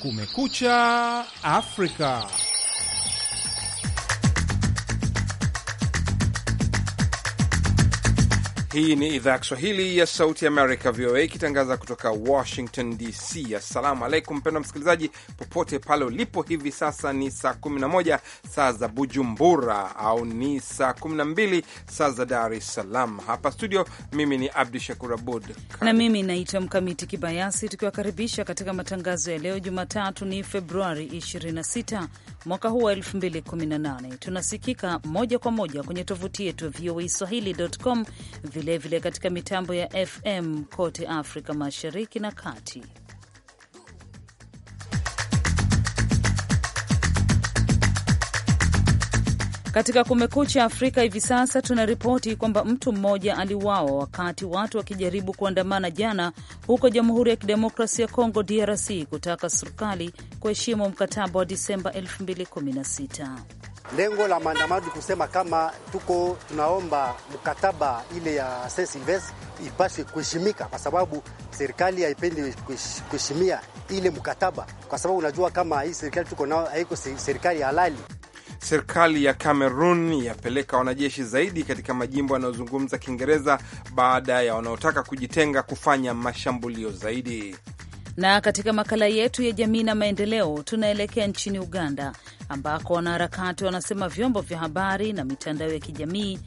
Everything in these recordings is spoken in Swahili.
Kumekucha Afrika. Hii ni idhaa ya Kiswahili ya Sauti ya Amerika, VOA, ikitangaza kutoka Washington DC. Assalamu alaikum mpendwa msikilizaji, popote pale ulipo. Hivi sasa ni saa 11 saa za Bujumbura, au ni saa 12 saa za Dar es Salaam. Hapa studio, mimi ni Abdu Shakur Abud na mimi naitwa Mkamiti Kibayasi, tukiwakaribisha katika matangazo ya leo. Jumatatu ni Februari 26 mwaka huu wa 2018. Tunasikika moja kwa moja kwenye tovuti yetu voa swahili.com vilevile katika mitambo ya FM kote Afrika Mashariki na Kati. Katika Kumekucha Afrika hivi sasa tunaripoti kwamba mtu mmoja aliuawa wakati watu wakijaribu kuandamana jana huko Jamhuri ya Kidemokrasia ya Kongo, DRC, kutaka serikali kuheshimu mkataba wa Disemba 2016. Lengo la maandamano kusema kama tuko tunaomba mkataba ile ya Saint Sylvestre kuheshimika, kwa sababu serikali haipendi kuheshimia ile mkataba, kwa sababu unajua kama hii serikali tuko nao haiko serikali halali. Serikali ya Cameroon yapeleka wanajeshi zaidi katika majimbo yanayozungumza Kiingereza baada ya wanaotaka kujitenga kufanya mashambulio zaidi. Na katika makala yetu ya jamii na maendeleo, tunaelekea nchini Uganda ambako wanaharakati wanasema vyombo vya habari na mitandao ya kijamii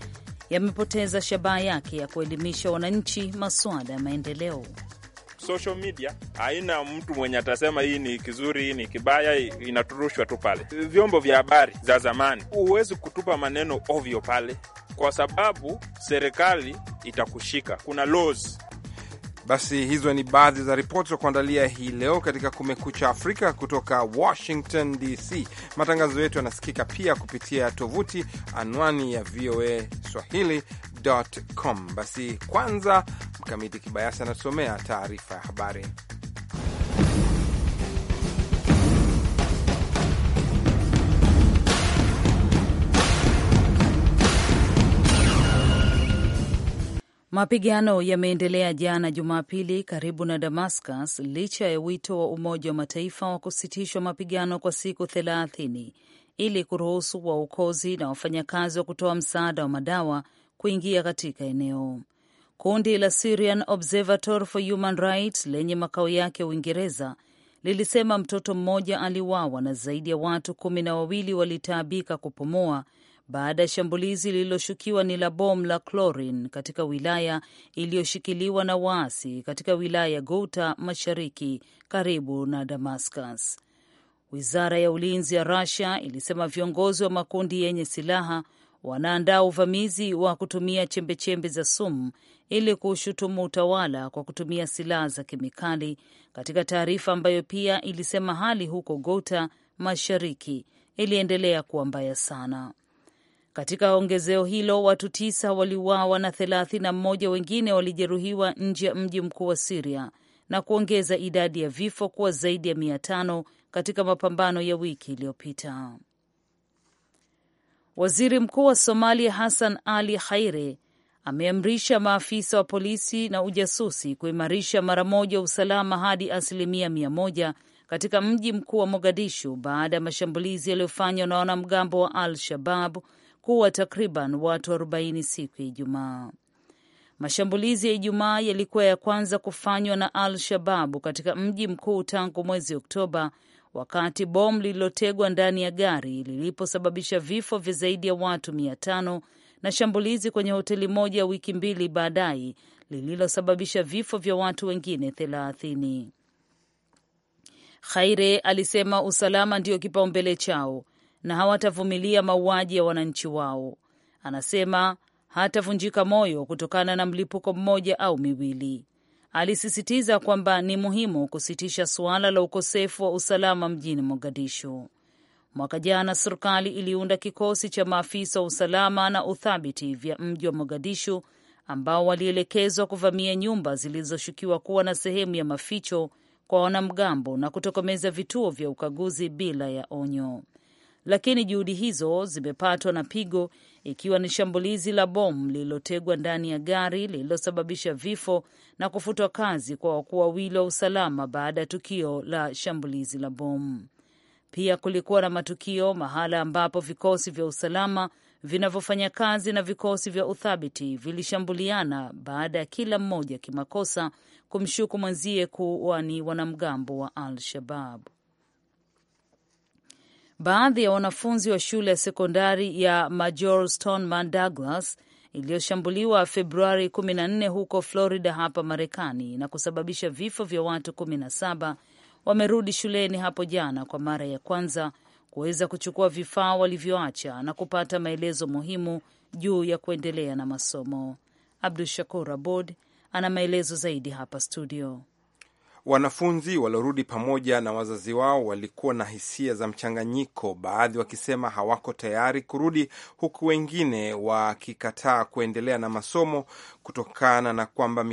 yamepoteza shabaha yake ya kuelimisha wananchi masuala ya maendeleo. Social media haina mtu mwenye atasema hii ni kizuri, hii ni kibaya, inaturushwa tu pale. Vyombo vya habari za zamani huwezi kutupa maneno ovyo pale, kwa sababu serikali itakushika. Kuna laws basi hizo ni baadhi za ripoti za kuandalia hii leo katika Kumekucha Afrika kutoka Washington DC. Matangazo yetu yanasikika pia kupitia tovuti anwani ya VOA Swahili.com. Basi kwanza, Mkamiti Kibayasi anatusomea taarifa ya habari. Mapigano yameendelea jana Jumapili karibu na Damascus licha ya wito wa Umoja wa Mataifa wa kusitishwa mapigano kwa siku thelathini ili kuruhusu waokozi na wafanyakazi wa kutoa msaada wa madawa kuingia katika eneo. Kundi la Syrian Observatory for Human Rights lenye makao yake Uingereza lilisema mtoto mmoja aliwawa na zaidi ya watu kumi na wawili walitaabika kupumua baada ya shambulizi lililoshukiwa ni la bomu la clorin katika wilaya iliyoshikiliwa na waasi katika wilaya ya Ghouta mashariki karibu na Damascus. Wizara ya ulinzi ya rasia ilisema viongozi wa makundi yenye silaha wanaandaa uvamizi wa kutumia chembechembe za sumu ili kuushutumu utawala kwa kutumia silaha za kemikali, katika taarifa ambayo pia ilisema hali huko Ghouta mashariki iliendelea kuwa mbaya sana. Katika ongezeo hilo watu tisa waliuawa na thelathini na mmoja wengine walijeruhiwa nje ya mji mkuu wa Siria na kuongeza idadi ya vifo kuwa zaidi ya mia tano katika mapambano ya wiki iliyopita. Waziri Mkuu wa Somalia Hassan Ali Khaire ameamrisha maafisa wa polisi na ujasusi kuimarisha mara moja usalama hadi asilimia mia moja katika mji mkuu wa Mogadishu baada ya mashambulizi yaliyofanywa na wanamgambo wa Al shababu kuwa takriban watu 40 siku ya Ijumaa. Mashambulizi ya Ijumaa yalikuwa ya kwanza kufanywa na Al Shababu katika mji mkuu tangu mwezi Oktoba, wakati bomu lililotegwa ndani ya gari liliposababisha vifo vya zaidi ya watu mia tano na shambulizi kwenye hoteli moja wiki mbili baadaye lililosababisha vifo vya watu wengine thelathini. Khaire alisema usalama ndiyo kipaumbele chao na hawatavumilia mauaji ya wananchi wao. Anasema hatavunjika moyo kutokana na mlipuko mmoja au miwili. Alisisitiza kwamba ni muhimu kusitisha suala la ukosefu wa usalama mjini Mogadishu. Mwaka jana serikali iliunda kikosi cha maafisa wa usalama na uthabiti vya mji wa Mogadishu ambao walielekezwa kuvamia nyumba zilizoshukiwa kuwa na sehemu ya maficho kwa wanamgambo na kutokomeza vituo vya ukaguzi bila ya onyo lakini juhudi hizo zimepatwa na pigo, ikiwa ni shambulizi la bomu lililotegwa ndani ya gari lililosababisha vifo na kufutwa kazi kwa wakuu wawili wa usalama baada ya tukio la shambulizi la bomu. Pia kulikuwa na matukio mahala ambapo vikosi vya usalama vinavyofanya kazi na vikosi vya uthabiti vilishambuliana baada ya kila mmoja kimakosa kumshuku mwenzie kuwa ni wanamgambo wa Al-Shabab baadhi ya wanafunzi wa shule ya sekondari ya Major Stoneman Douglas iliyoshambuliwa Februari 14 huko Florida hapa Marekani na kusababisha vifo vya watu 17 wamerudi shuleni hapo jana kwa mara ya kwanza kuweza kuchukua vifaa walivyoacha na kupata maelezo muhimu juu ya kuendelea na masomo. Abdu Shakur Abod ana maelezo zaidi hapa studio. Wanafunzi waliorudi pamoja na wazazi wao walikuwa na hisia za mchanganyiko, baadhi wakisema hawako tayari kurudi, huku wengine wakikataa kuendelea na masomo kutokana na kwamba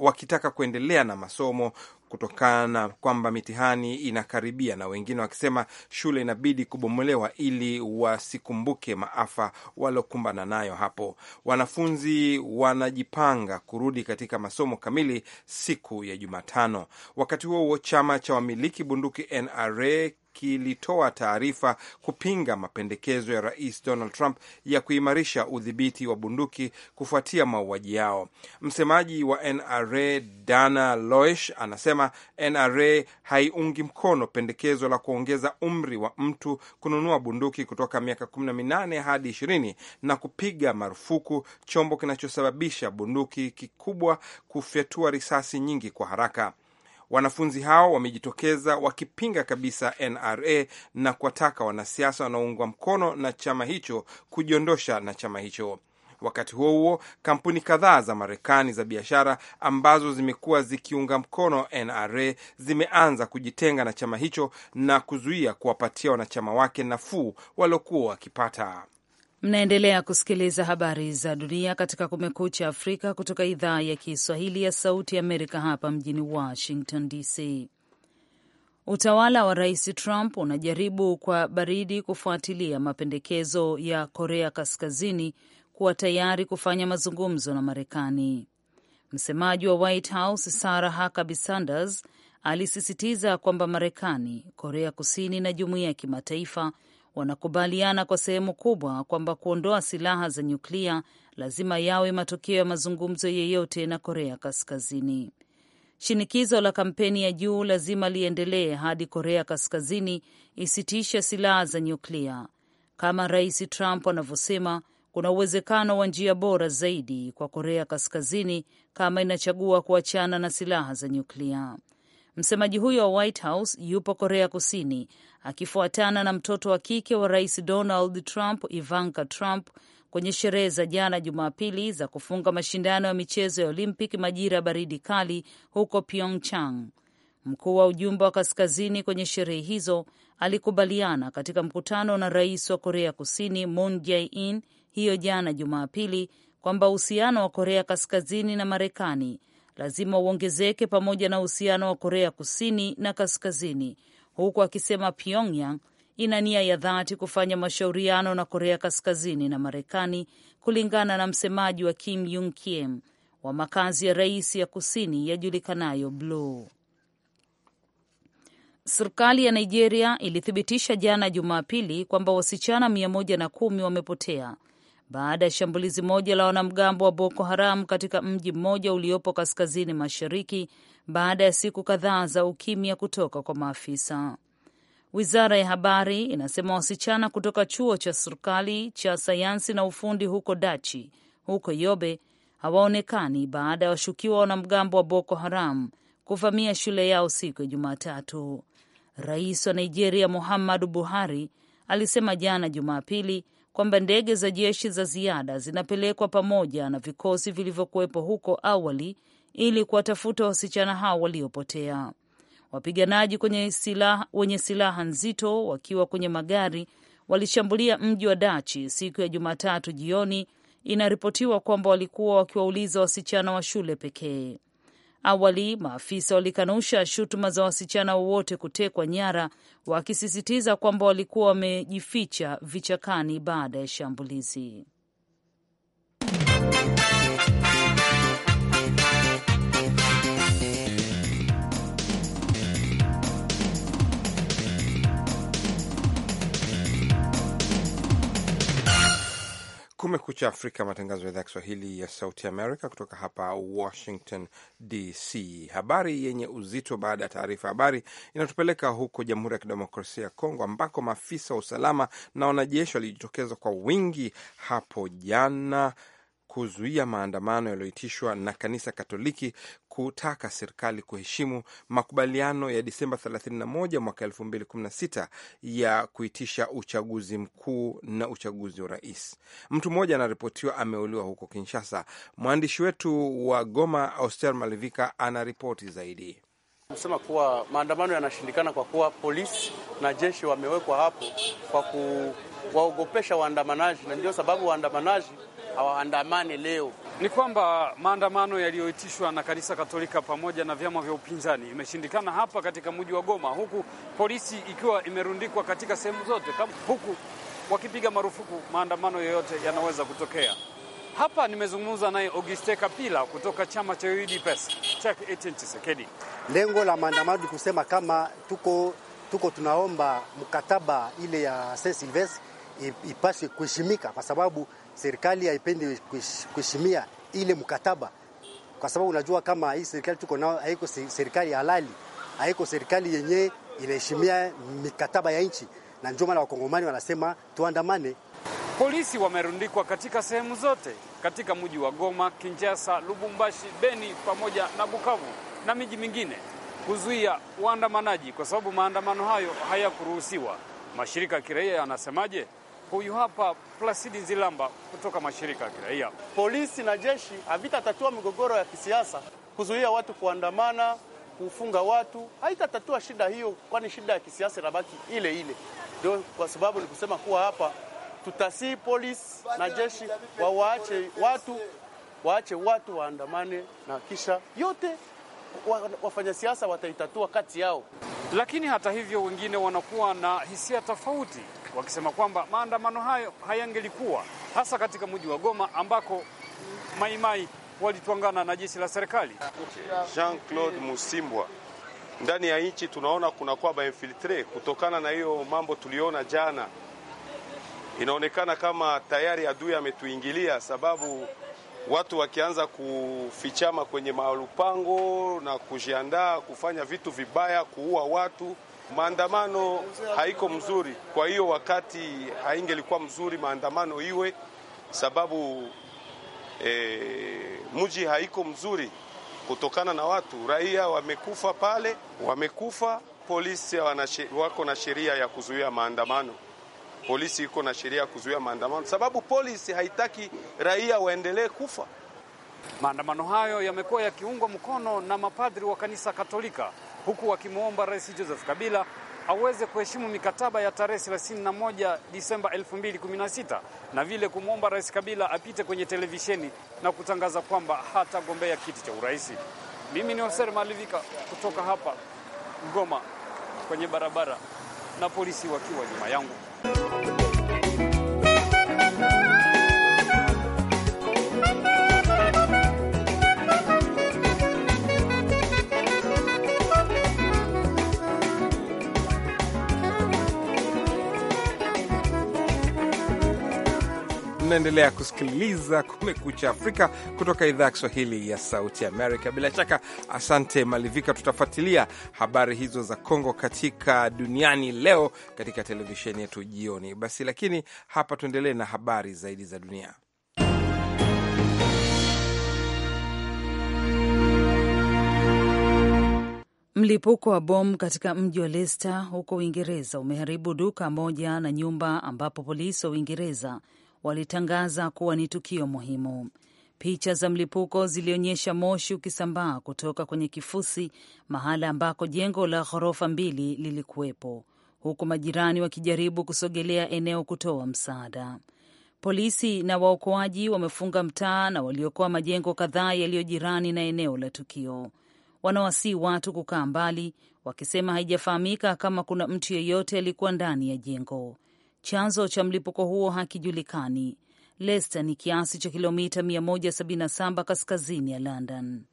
wakitaka kuendelea na masomo kutokana na kwamba mitihani inakaribia, na wengine wakisema shule inabidi kubomolewa ili wasikumbuke maafa waliokumbana nayo hapo. Wanafunzi wanajipanga kurudi katika masomo kamili siku ya Jumatano. Wakati huo huo, chama cha wamiliki bunduki NRA kilitoa taarifa kupinga mapendekezo ya Rais Donald Trump ya kuimarisha udhibiti wa bunduki kufuatia mauaji yao. Msemaji wa NRA Dana Loesch anasema NRA haiungi mkono pendekezo la kuongeza umri wa mtu kununua bunduki kutoka miaka 18 hadi 20 na kupiga marufuku chombo kinachosababisha bunduki kikubwa kufyatua risasi nyingi kwa haraka. Wanafunzi hao wamejitokeza wakipinga kabisa NRA na kuwataka wanasiasa wanaoungwa mkono na chama hicho kujiondosha na chama hicho. Wakati huo huo, kampuni kadhaa za Marekani za biashara ambazo zimekuwa zikiunga mkono NRA zimeanza kujitenga na chama hicho na kuzuia kuwapatia wanachama wake nafuu waliokuwa wakipata. Mnaendelea kusikiliza habari za dunia katika Kumekucha Afrika kutoka idhaa ya Kiswahili ya Sauti Amerika, hapa mjini Washington DC. Utawala wa Rais Trump unajaribu kwa baridi kufuatilia mapendekezo ya Korea Kaskazini kuwa tayari kufanya mazungumzo na Marekani. Msemaji wa White House Sarah Huckabee Sanders alisisitiza kwamba Marekani, Korea Kusini na jumuiya ya kimataifa wanakubaliana kwa sehemu kubwa kwamba kuondoa silaha za nyuklia lazima yawe matokeo ya mazungumzo yeyote na Korea Kaskazini. Shinikizo la kampeni ya juu lazima liendelee hadi Korea Kaskazini isitishe silaha za nyuklia. Kama Rais Trump anavyosema, kuna uwezekano wa njia bora zaidi kwa Korea Kaskazini kama inachagua kuachana na silaha za nyuklia. Msemaji huyo wa White House yupo Korea Kusini akifuatana na mtoto wa kike wa rais Donald Trump, Ivanka Trump, kwenye sherehe za jana Jumapili za kufunga mashindano ya michezo ya Olympic majira ya baridi kali huko Pyeongchang. Mkuu wa ujumbe wa kaskazini kwenye sherehe hizo alikubaliana katika mkutano na rais wa Korea Kusini Moon Jae-in hiyo jana Jumapili kwamba uhusiano wa Korea Kaskazini na Marekani lazima uongezeke pamoja na uhusiano wa Korea Kusini na Kaskazini, huku akisema Pyongyang ina nia ya dhati kufanya mashauriano na Korea Kaskazini na Marekani, kulingana na msemaji wa Kim Yung Kiem wa makazi ya rais ya kusini yajulikanayo Bluu. Serikali ya Nigeria ilithibitisha jana Jumapili kwamba wasichana mia moja na kumi wamepotea baada ya shambulizi moja la wanamgambo wa Boko Haram katika mji mmoja uliopo kaskazini mashariki baada ya siku kadhaa za ukimya kutoka kwa maafisa. Wizara ya habari inasema wasichana kutoka chuo cha serikali cha sayansi na ufundi huko Dachi huko Yobe hawaonekani baada ya washukiwa wanamgambo wa Boko Haram kuvamia shule yao siku ya Jumatatu. Rais wa Nigeria Muhammadu Buhari alisema jana Jumapili kwamba ndege za jeshi za ziada zinapelekwa pamoja na vikosi vilivyokuwepo huko awali ili kuwatafuta wasichana hao waliopotea. Wapiganaji kwenye silaha, wenye silaha nzito wakiwa kwenye magari walishambulia mji wa Dachi siku ya Jumatatu jioni. Inaripotiwa kwamba walikuwa wakiwauliza wasichana wa shule pekee. Awali maafisa walikanusha shutuma za wasichana wowote kutekwa nyara, wakisisitiza kwamba walikuwa wamejificha vichakani baada ya shambulizi. Kumekucha Afrika, matangazo ya idhaa ya Kiswahili ya Sauti Amerika kutoka hapa Washington DC. Habari yenye uzito baada ya taarifa habari inatupeleka huko Jamhuri ya Kidemokrasia ya Kongo, ambako maafisa wa usalama na wanajeshi walijitokeza kwa wingi hapo jana kuzuia maandamano yaliyoitishwa na kanisa Katoliki kutaka serikali kuheshimu makubaliano ya Disemba 31 mwaka 2016 ya kuitisha uchaguzi mkuu na uchaguzi wa rais. Mtu mmoja anaripotiwa ameuliwa huko Kinshasa. Mwandishi wetu wa Goma, Auster Malivika, ripoti zaidi. Kusema kuwa maandamano yanashindikana kwa kuwa polisi na jeshi wamewekwa hapo kwa kuwaogopesha waandamanaji, na ndio sababu waandamanaji hawaandamani leo. Ni kwamba maandamano yaliyoitishwa na kanisa Katolika pamoja na vyama vya upinzani imeshindikana hapa katika mji wa Goma, huku polisi ikiwa imerundikwa katika sehemu zote, huku wakipiga marufuku maandamano yoyote yanaweza kutokea. Hapa nimezungumza naye Auguste Kapila kutoka chama cha UDPS cha Etienne Tshisekedi. Lengo la maandamano ni kusema kama tuko, tuko tunaomba mkataba ile ya Saint Sylvestre kuheshimika kwa sababu serikali haipendi kuheshimia ile mkataba, kwa sababu unajua kama hii serikali tuko nao haiko serikali halali, haiko serikali yenye inaheshimia mikataba ya nchi, na ndio maana wakongomani wanasema tuandamane. Polisi wamerundikwa katika sehemu zote katika mji wa Goma, Kinshasa, Lubumbashi, Beni pamoja na Bukavu na miji mingine kuzuia waandamanaji, kwa sababu maandamano hayo hayakuruhusiwa. Mashirika ya kiraia yanasemaje? Huyu hapa Plasidi zilamba kutoka mashirika ya kiraia. Polisi na jeshi havitatatua migogoro ya kisiasa, kuzuia watu kuandamana, kufunga watu, haitatatua shida hiyo, kwani shida ya kisiasa inabaki ile ile. Ndio kwa sababu ni kusema kuwa hapa tutasii polisi na jeshi wawaache watu waache watu waandamane, na kisha yote wafanya siasa wataitatua kati yao. Lakini hata hivyo, wengine wanakuwa na hisia tofauti wakisema kwamba maandamano hayo hayangelikuwa hasa katika mji wa Goma ambako maimai walitwangana na jeshi la serikali. Jean Claude Musimbwa, ndani ya nchi tunaona kunakuwa bainfiltre kutokana na hiyo mambo tuliona jana. Inaonekana kama tayari adui ametuingilia, sababu watu wakianza kufichama kwenye malupango na kujiandaa kufanya vitu vibaya, kuua watu maandamano haiko mzuri. Kwa hiyo wakati haingelikuwa mzuri maandamano iwe sababu e, mji haiko mzuri kutokana na watu raia wamekufa pale, wamekufa. Polisi wako na sheria ya kuzuia maandamano, polisi iko na sheria ya kuzuia maandamano sababu polisi haitaki raia waendelee kufa. Maandamano hayo yamekuwa yakiungwa mkono na mapadri wa kanisa Katolika huku wakimwomba Rais Joseph Kabila aweze kuheshimu mikataba ya tarehe 31 Disemba 2016 na vile kumwomba Rais Kabila apite kwenye televisheni na kutangaza kwamba hatagombea kiti cha urais. Mimi ni Hoser Malivika kutoka hapa Goma kwenye barabara na polisi wakiwa nyuma yangu. unaendelea kusikiliza Kumekucha Afrika kutoka idhaa ya Kiswahili ya Sauti Amerika. Bila shaka, asante Malivika. Tutafuatilia habari hizo za Kongo katika duniani leo katika televisheni yetu jioni. Basi, lakini hapa tuendelee na habari zaidi za dunia. Mlipuko wa bomu katika mji wa Leicester huko Uingereza umeharibu duka moja na nyumba ambapo polisi wa Uingereza walitangaza kuwa ni tukio muhimu. Picha za mlipuko zilionyesha moshi ukisambaa kutoka kwenye kifusi, mahala ambako jengo la ghorofa mbili lilikuwepo, huku majirani wakijaribu kusogelea eneo kutoa msaada. Polisi na waokoaji wamefunga mtaa na waliokoa majengo kadhaa yaliyo jirani na eneo la tukio. Wanawasii watu kukaa mbali, wakisema haijafahamika kama kuna mtu yeyote alikuwa ndani ya jengo. Chanzo cha mlipuko huo hakijulikani. Leicester ni kiasi cha kilomita 177 kaskazini ya London.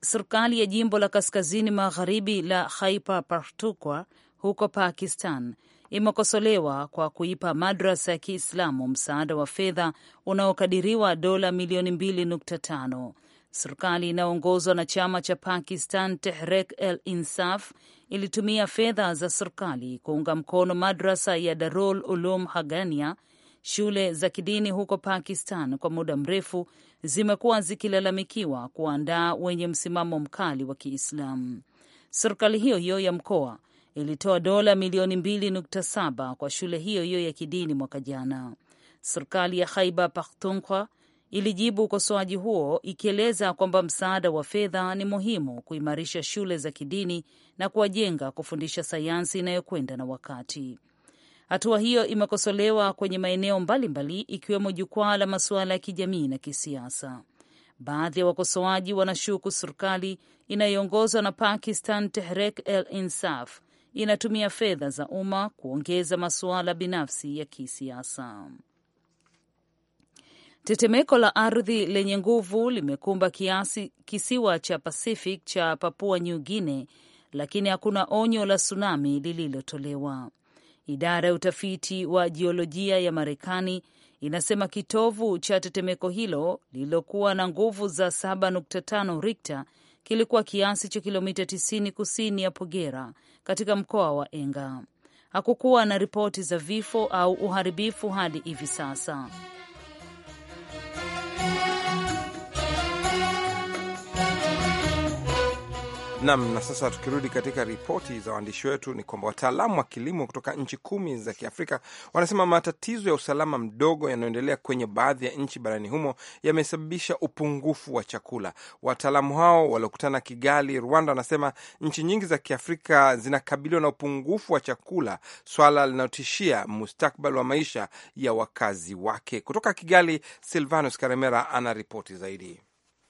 Serikali ya jimbo la kaskazini magharibi la Khyber Pakhtunkhwa huko Pakistan imekosolewa kwa kuipa madrasa ya Kiislamu msaada wa fedha unaokadiriwa dola milioni 2.5 Serikali inayoongozwa na chama cha Pakistan Tehrek el Insaf ilitumia fedha za serikali kuunga mkono madrasa ya Darul Ulum Hagania. Shule za kidini huko Pakistan kwa muda mrefu zimekuwa zikilalamikiwa kuandaa wenye msimamo mkali wa Kiislamu. Serikali hiyo hiyo ya mkoa ilitoa dola milioni 27 kwa shule hiyo hiyo ya kidini mwaka jana. Serikali ya Khaiba Pakhtunkhwa ilijibu ukosoaji huo ikieleza kwamba msaada wa fedha ni muhimu kuimarisha shule za kidini na kuwajenga kufundisha sayansi inayokwenda na wakati. Hatua hiyo imekosolewa kwenye maeneo mbalimbali ikiwemo jukwaa la masuala ya kijamii na kisiasa. Baadhi ya wakosoaji wanashuku serikali inayoongozwa na Pakistan Tehrek el Insaf inatumia fedha za umma kuongeza masuala binafsi ya kisiasa. Tetemeko la ardhi lenye nguvu limekumba kiasi kisiwa cha Pacific cha Papua New Guinea, lakini hakuna onyo la tsunami lililotolewa. Idara ya utafiti wa jiolojia ya Marekani inasema kitovu cha tetemeko hilo lililokuwa na nguvu za 7.5 Richter kilikuwa kiasi cha kilomita 90 kusini ya Pogera katika mkoa wa Enga. Hakukuwa na ripoti za vifo au uharibifu hadi hivi sasa. Nam. Na sasa tukirudi katika ripoti za waandishi wetu, ni kwamba wataalamu wa kilimo kutoka nchi kumi za Kiafrika wanasema matatizo ya usalama mdogo yanayoendelea kwenye baadhi ya nchi barani humo yamesababisha upungufu wa chakula. Wataalamu hao waliokutana Kigali, Rwanda, wanasema nchi nyingi za Kiafrika zinakabiliwa na upungufu wa chakula, swala linalotishia mustakbal wa maisha ya wakazi wake. Kutoka Kigali, Silvanus Karemera ana ripoti zaidi.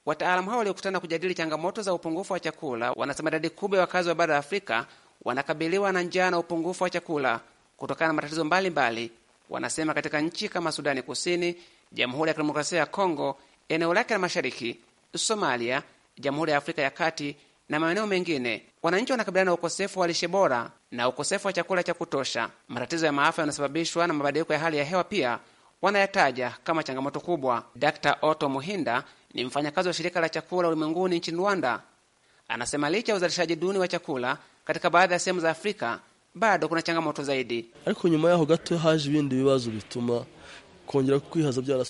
Wataalamu hao waliokutana kujadili changamoto za upungufu wa chakula wanasema idadi kubwa ya wakazi wa bara la Afrika wanakabiliwa na njaa na upungufu wa chakula kutokana na matatizo mbalimbali mbali. Wanasema katika nchi kama Sudani Kusini, Jamhuri ya Kidemokrasia ya Kongo, eneo lake la mashariki, Somalia, Jamhuri ya Afrika ya Kati na maeneo mengine, wananchi wanakabiliana na ukosefu wa lishe bora na ukosefu wa chakula cha kutosha. Matatizo ya maafa yanayosababishwa na mabadiliko ya hali ya hewa pia wanayataja kama changamoto kubwa. Dr. Otto Muhinda ni mfanyakazi wa shirika la chakula ulimwenguni nchini Rwanda, anasema licha ya uzalishaji duni wa chakula katika baadhi ya sehemu za Afrika bado kuna changamoto zaidi.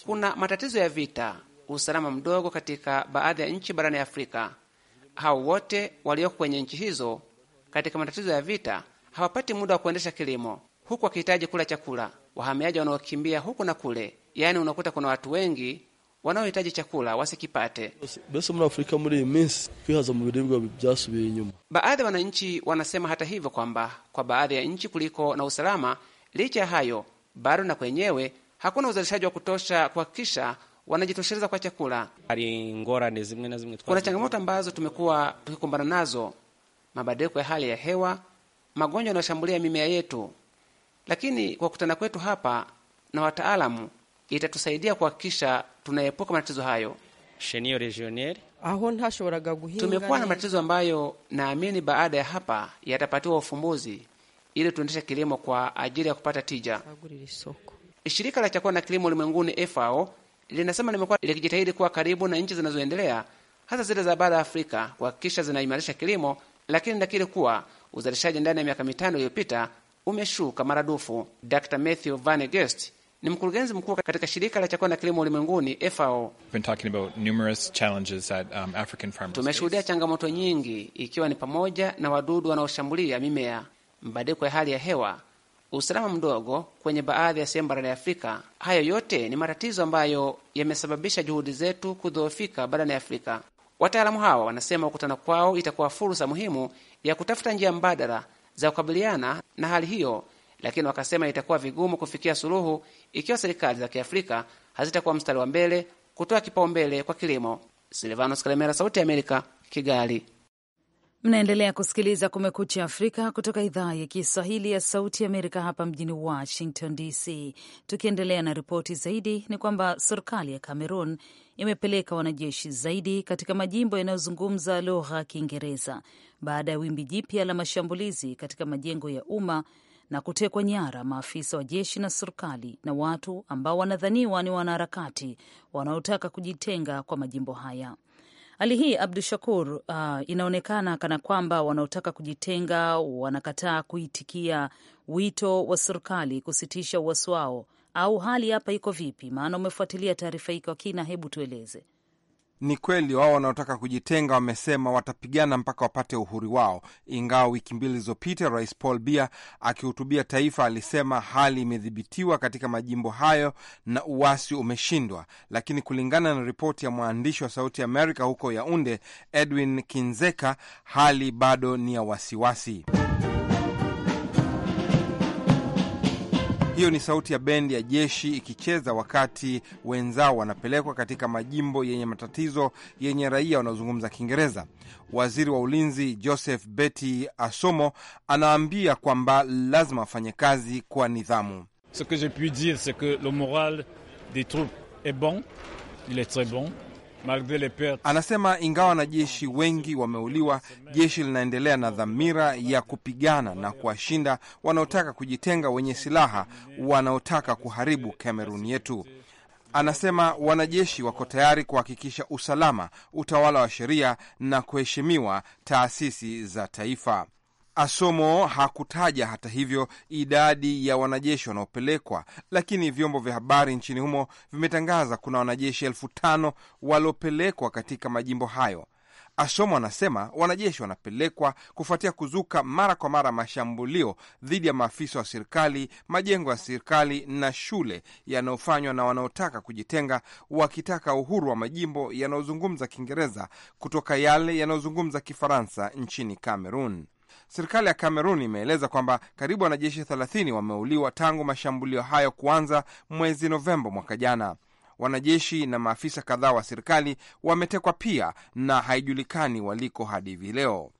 Kuna matatizo ya vita, usalama mdogo katika baadhi ya nchi barani Afrika. Hao wote walioko kwenye nchi hizo katika matatizo ya vita hawapati muda wa kuendesha kilimo, huku wakihitaji kula chakula. Wahamiaji wanaokimbia huku na kule, yaani unakuta kuna watu wengi wanaohitaji chakula wasikipate. Baadhi ya wananchi wanasema hata hivyo kwamba kwa baadhi ya nchi kuliko na usalama, licha ya hayo bado na kwenyewe hakuna uzalishaji wa kutosha kuhakikisha wanajitosheleza kwa chakula. Kuna changamoto ambazo tumekuwa tukikumbana nazo, mabadiliko ya hali ya hewa, magonjwa yanayoshambulia mimea yetu, lakini kwa kutana kwetu hapa na wataalamu itatusaidia kuhakikisha tunaepuka matatizo hayo. Tumekuwa na matatizo ambayo naamini baada ya hapa yatapatiwa ufumbuzi ili tuendeshe kilimo kwa ajili ya kupata tija. E, shirika la chakula na kilimo ulimwenguni FAO linasema limekuwa likijitahidi kuwa karibu na nchi zinazoendelea hasa zile za bara ya Afrika kuhakikisha zinaimarisha kilimo, lakini nakiri kuwa uzalishaji ndani ya miaka mitano iliyopita umeshuka maradufu. Dr Matthew Van Gest ni mkurugenzi mkuu katika shirika la chakula na kilimo ulimwenguni FAO. Um, tumeshuhudia changamoto nyingi ikiwa ni pamoja na wadudu wanaoshambulia mimea, mbadiliko ya hali ya hewa, usalama mdogo kwenye baadhi ya sehemu barani ya Afrika. Hayo yote ni matatizo ambayo yamesababisha juhudi zetu kudhoofika barani Afrika. Wataalamu hawa wanasema kukutana kwao itakuwa fursa muhimu ya kutafuta njia mbadala za kukabiliana na hali hiyo lakini wakasema itakuwa vigumu kufikia suluhu ikiwa serikali za Kiafrika hazitakuwa mstari wa mbele kutoa kipaumbele kwa kilimo. Silvanos Kalemera, Sauti ya Amerika, Kigali. Mnaendelea kusikiliza Kumekucha Afrika kutoka idhaa ya Kiswahili ya Sauti Amerika hapa mjini Washington DC. Tukiendelea na ripoti zaidi, ni kwamba serikali ya Cameroon imepeleka wanajeshi zaidi katika majimbo yanayozungumza lugha ya Kiingereza baada ya wimbi jipya la mashambulizi katika majengo ya umma na kutekwa nyara maafisa wa jeshi na serikali na watu ambao wanadhaniwa ni wanaharakati wanaotaka kujitenga kwa majimbo haya. Hali hii Abdu Shakur, uh, inaonekana kana kwamba wanaotaka kujitenga wanakataa kuitikia wito wa serikali kusitisha uwasi wao, au hali hapa iko vipi? Maana umefuatilia taarifa hii kwa kina, hebu tueleze. Ni kweli wao wanaotaka kujitenga wamesema watapigana mpaka wapate uhuru wao, ingawa wiki mbili zilizopita Rais Paul Bia akihutubia taifa alisema hali imedhibitiwa katika majimbo hayo na uasi umeshindwa. Lakini kulingana na ripoti ya mwandishi wa Sauti Amerika huko Yaunde, Edwin Kinzeka, hali bado ni ya wasiwasi. Hiyo ni sauti ya bendi ya jeshi ikicheza wakati wenzao wanapelekwa katika majimbo yenye matatizo yenye raia wanaozungumza Kiingereza. Waziri wa ulinzi Joseph Beti Asomo anaambia kwamba lazima wafanye kazi kwa nidhamu. Ce que je puis dire c'est que le moral des troupes est bon, il est bon Anasema ingawa wanajeshi wengi wameuliwa, jeshi linaendelea na dhamira ya kupigana na kuwashinda wanaotaka kujitenga, wenye silaha wanaotaka kuharibu Kameruni yetu. Anasema wanajeshi wako tayari kuhakikisha usalama, utawala wa sheria na kuheshimiwa taasisi za taifa. Asomo hakutaja hata hivyo idadi ya wanajeshi wanaopelekwa, lakini vyombo vya habari nchini humo vimetangaza kuna wanajeshi elfu tano waliopelekwa katika majimbo hayo. Asomo anasema wanajeshi wanapelekwa kufuatia kuzuka mara kwa mara mashambulio dhidi ya maafisa wa serikali, majengo ya serikali na shule yanayofanywa na wanaotaka kujitenga, wakitaka uhuru wa majimbo yanayozungumza Kiingereza kutoka yale yanayozungumza Kifaransa nchini Kamerun. Serikali ya Kamerun imeeleza kwamba karibu wanajeshi 30 wameuliwa tangu mashambulio hayo kuanza mwezi Novemba mwaka jana. Wanajeshi na maafisa kadhaa wa serikali wametekwa pia na haijulikani waliko hadi hivi leo.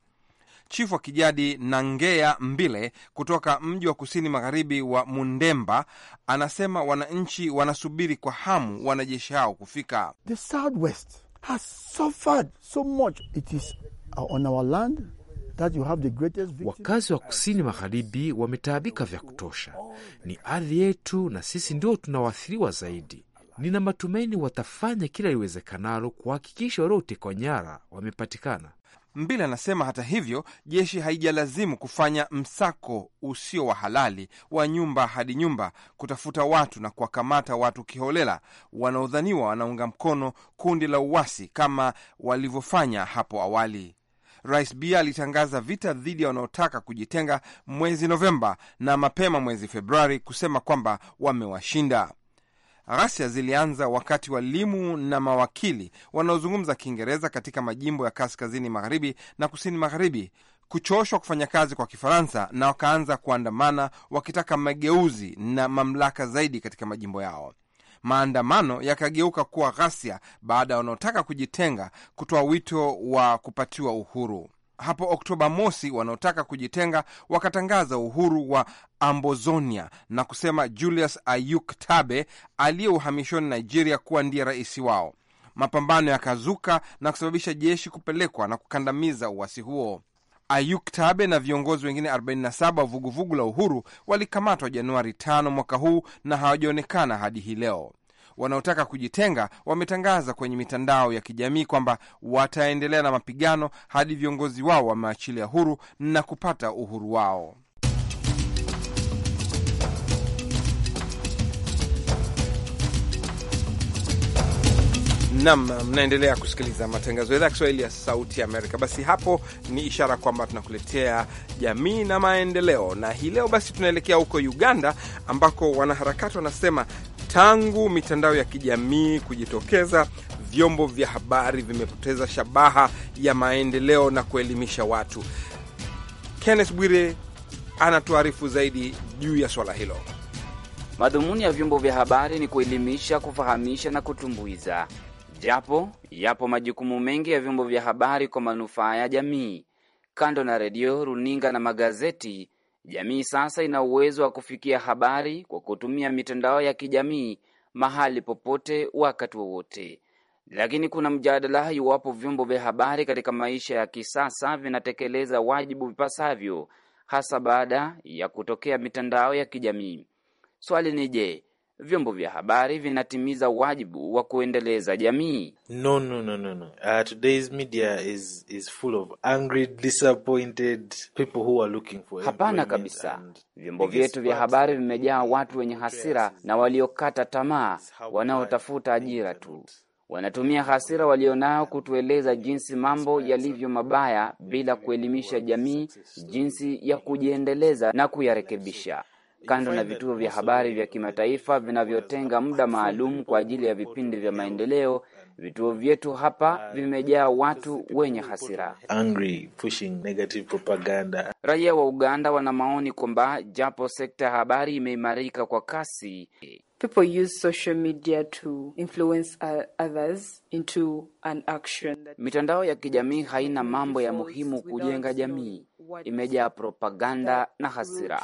Chifu wa kijadi Nangea Mbile kutoka mji wa kusini magharibi wa Mundemba anasema wananchi wanasubiri kwa hamu wanajeshi hao kufika. The Southwest has suffered so much. It is on our land. Wakazi wa kusini magharibi wametaabika vya kutosha. Ni ardhi yetu na sisi ndio tunawathiriwa zaidi. Nina matumaini watafanya kila iwezekanalo kuhakikisha waliotekwa nyara wamepatikana. Mbili anasema hata hivyo, jeshi haijalazimu kufanya msako usio wa halali wa nyumba hadi nyumba kutafuta watu na kuwakamata watu kiholela wanaodhaniwa wanaunga mkono kundi la uasi kama walivyofanya hapo awali. Rais Bia alitangaza vita dhidi ya wanaotaka kujitenga mwezi Novemba na mapema mwezi Februari kusema kwamba wamewashinda. Ghasia zilianza wakati walimu na mawakili wanaozungumza Kiingereza katika majimbo ya kaskazini magharibi na kusini magharibi kuchoshwa kufanya kazi kwa Kifaransa na wakaanza kuandamana wakitaka mageuzi na mamlaka zaidi katika majimbo yao maandamano yakageuka kuwa ghasia baada ya wanaotaka kujitenga kutoa wito wa kupatiwa uhuru. Hapo Oktoba mosi, wanaotaka kujitenga wakatangaza uhuru wa Ambozonia na kusema Julius Ayuk Tabe aliye uhamishoni Nigeria kuwa ndiye rais wao. Mapambano yakazuka na kusababisha jeshi kupelekwa na kukandamiza uasi huo. Ayuk Tabe na viongozi wengine 47 wa vuguvugu la uhuru walikamatwa Januari 5 mwaka huu na hawajaonekana hadi hii leo. Wanaotaka kujitenga wametangaza kwenye mitandao ya kijamii kwamba wataendelea na mapigano hadi viongozi wao wameachilia huru na kupata uhuru wao. Nam, mnaendelea kusikiliza matangazo ya idhaa Kiswahili ya Sauti ya Amerika. Basi hapo ni ishara kwamba tunakuletea jamii na maendeleo, na hii leo basi tunaelekea huko Uganda ambako wanaharakati wanasema tangu mitandao ya kijamii kujitokeza, vyombo vya habari vimepoteza shabaha ya maendeleo na kuelimisha watu. Kenneth Bwire anatuarifu zaidi juu ya swala hilo. Madhumuni ya vyombo vya habari ni kuelimisha, kufahamisha na kutumbuiza japo yapo majukumu mengi ya vyombo vya habari kwa manufaa ya jamii. Kando na redio, runinga na magazeti, jamii sasa ina uwezo wa kufikia habari kwa kutumia mitandao ya kijamii mahali popote, wakati wowote. Lakini kuna mjadala iwapo vyombo vya habari katika maisha ya kisasa vinatekeleza wajibu vipasavyo, hasa baada ya kutokea mitandao ya kijamii. Swali ni je, vyombo vya habari vinatimiza wajibu wa kuendeleza jamii. No, no, no, no, no. Uh, today's media is, is full of angry, disappointed people who are looking for. Hapana kabisa, vyombo vyetu vya habari vimejaa watu wenye hasira na waliokata tamaa, wanaotafuta ajira tu. Wanatumia hasira walionayo kutueleza jinsi mambo yalivyo mabaya, bila kuelimisha jamii jinsi ya kujiendeleza na kuyarekebisha kando na vituo vya habari vya kimataifa vinavyotenga muda maalum kwa ajili ya vipindi vya maendeleo, vituo vyetu hapa vimejaa watu wenye hasira. Angry, pushing negative propaganda. Raia wa Uganda wana maoni kwamba japo sekta ya habari imeimarika kwa kasi People use social media to influence others into an action. Mitandao ya kijamii haina mambo ya muhimu kujenga jamii, imejaa propaganda na hasira.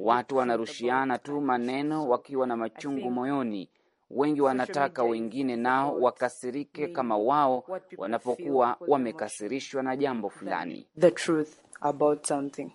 Watu wanarushiana tu maneno wakiwa na machungu moyoni. Wengi wanataka wengine nao wakasirike kama wao wanapokuwa wamekasirishwa na jambo fulani.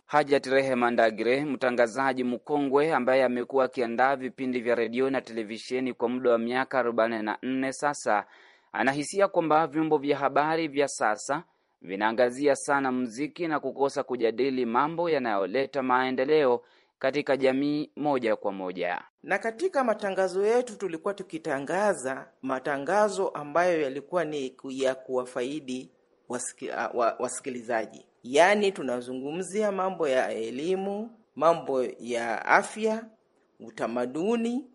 Hajat Rehema Ndagire, mtangazaji mkongwe ambaye amekuwa akiandaa vipindi vya redio na televisheni kwa muda wa miaka 44 sasa, anahisia kwamba vyombo vya habari vya sasa vinaangazia sana mziki na kukosa kujadili mambo yanayoleta maendeleo katika jamii moja kwa moja. Na katika matangazo yetu tulikuwa tukitangaza matangazo ambayo yalikuwa ni ya kuwafaidi wasiki, wa, wasikilizaji, yaani tunazungumzia mambo ya elimu, mambo ya afya, utamaduni,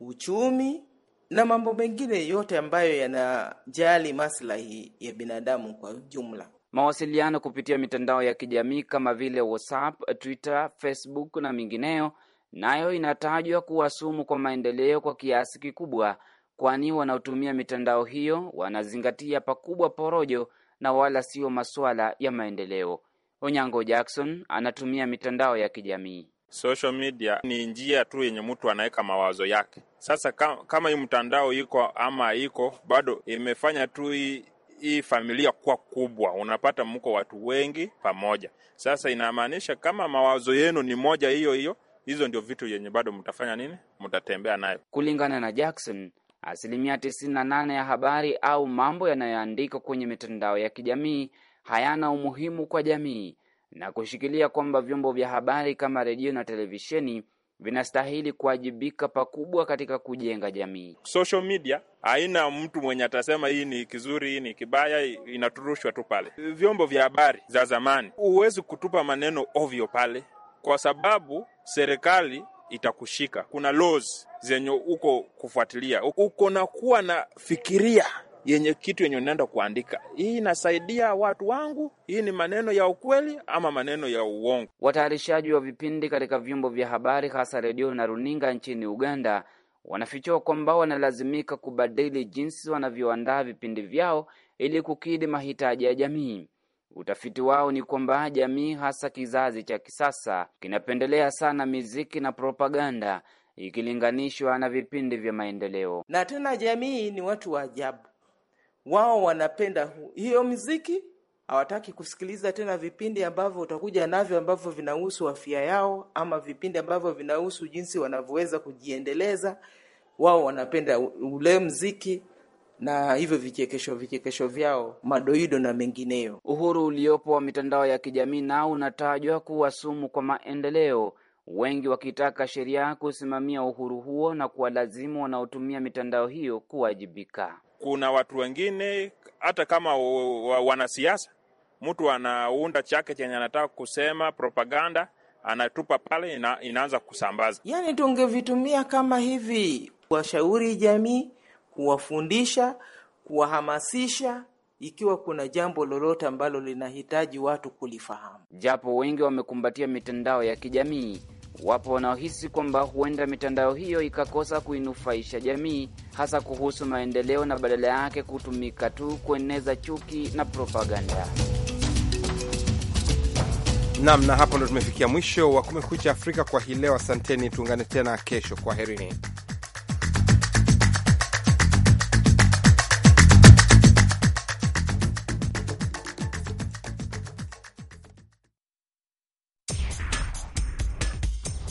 uchumi na mambo mengine yote ambayo yanajali maslahi ya binadamu kwa jumla mawasiliano kupitia mitandao ya kijamii kama vile WhatsApp, Twitter, Facebook na mingineyo, nayo inatajwa kuwa sumu kwa maendeleo kwa kiasi kikubwa, kwani wanaotumia mitandao hiyo wanazingatia pakubwa porojo na wala sio masuala ya maendeleo. Onyango Jackson anatumia mitandao ya kijamii. Social media ni njia tu yenye mtu anaweka mawazo yake. Sasa kama hii mtandao iko ama iko bado, imefanya tu hii hii familia kuwa kubwa, unapata mko watu wengi pamoja. Sasa inamaanisha kama mawazo yenu ni moja hiyo hiyo, hizo ndio vitu yenye bado mtafanya nini, mtatembea nayo. Kulingana na Jackson, asilimia 98 ya habari au mambo yanayoandikwa kwenye mitandao ya kijamii hayana umuhimu kwa jamii, na kushikilia kwamba vyombo vya habari kama redio na televisheni vinastahili kuwajibika pakubwa katika kujenga jamii. Social media haina mtu mwenye atasema hii ni kizuri, hii ni kibaya, inaturushwa tu pale. Vyombo vya habari za zamani, huwezi kutupa maneno ovyo pale, kwa sababu serikali itakushika. Kuna laws zenye uko kufuatilia, uko na kuwa na fikiria yenye kitu yenye unaenda kuandika. Hii inasaidia watu wangu, hii ni maneno ya ukweli ama maneno ya uongo. Watayarishaji wa vipindi katika vyombo vya habari hasa redio na runinga nchini Uganda wanafichua kwamba wanalazimika kubadili jinsi wanavyoandaa vipindi vyao ili kukidhi mahitaji ya jamii. Utafiti wao ni kwamba jamii, hasa kizazi cha kisasa, kinapendelea sana miziki na propaganda ikilinganishwa na vipindi vya maendeleo. Na tena jamii ni watu wa ajabu wao wanapenda hiyo mziki hawataki kusikiliza tena vipindi ambavyo utakuja navyo ambavyo vinahusu afya yao ama vipindi ambavyo vinahusu jinsi wanavyoweza kujiendeleza. Wao wanapenda ule mziki na hivyo vichekesho vichekesho vyao madoido na mengineyo. Uhuru uliopo wa mitandao ya kijamii nao unatajwa kuwa sumu kwa maendeleo, wengi wakitaka sheria kusimamia uhuru huo na kuwalazimu wanaotumia mitandao hiyo kuwajibika kuna watu wengine hata kama wanasiasa, mtu anaunda chake chenye anataka kusema propaganda, anatupa pale ina, inaanza kusambaza. Yani tungevitumia kama hivi kuwashauri jamii, kuwafundisha, kuwahamasisha ikiwa kuna jambo lolote ambalo linahitaji watu kulifahamu, japo wengi wamekumbatia mitandao ya kijamii Wapo wanaohisi kwamba huenda mitandao hiyo ikakosa kuinufaisha jamii, hasa kuhusu maendeleo na badala yake kutumika tu kueneza chuki na propaganda. Nam, na hapo ndo tumefikia mwisho wa Kumekucha Afrika kwa hii leo. Asanteni, tuungane tena kesho. Kwaherini.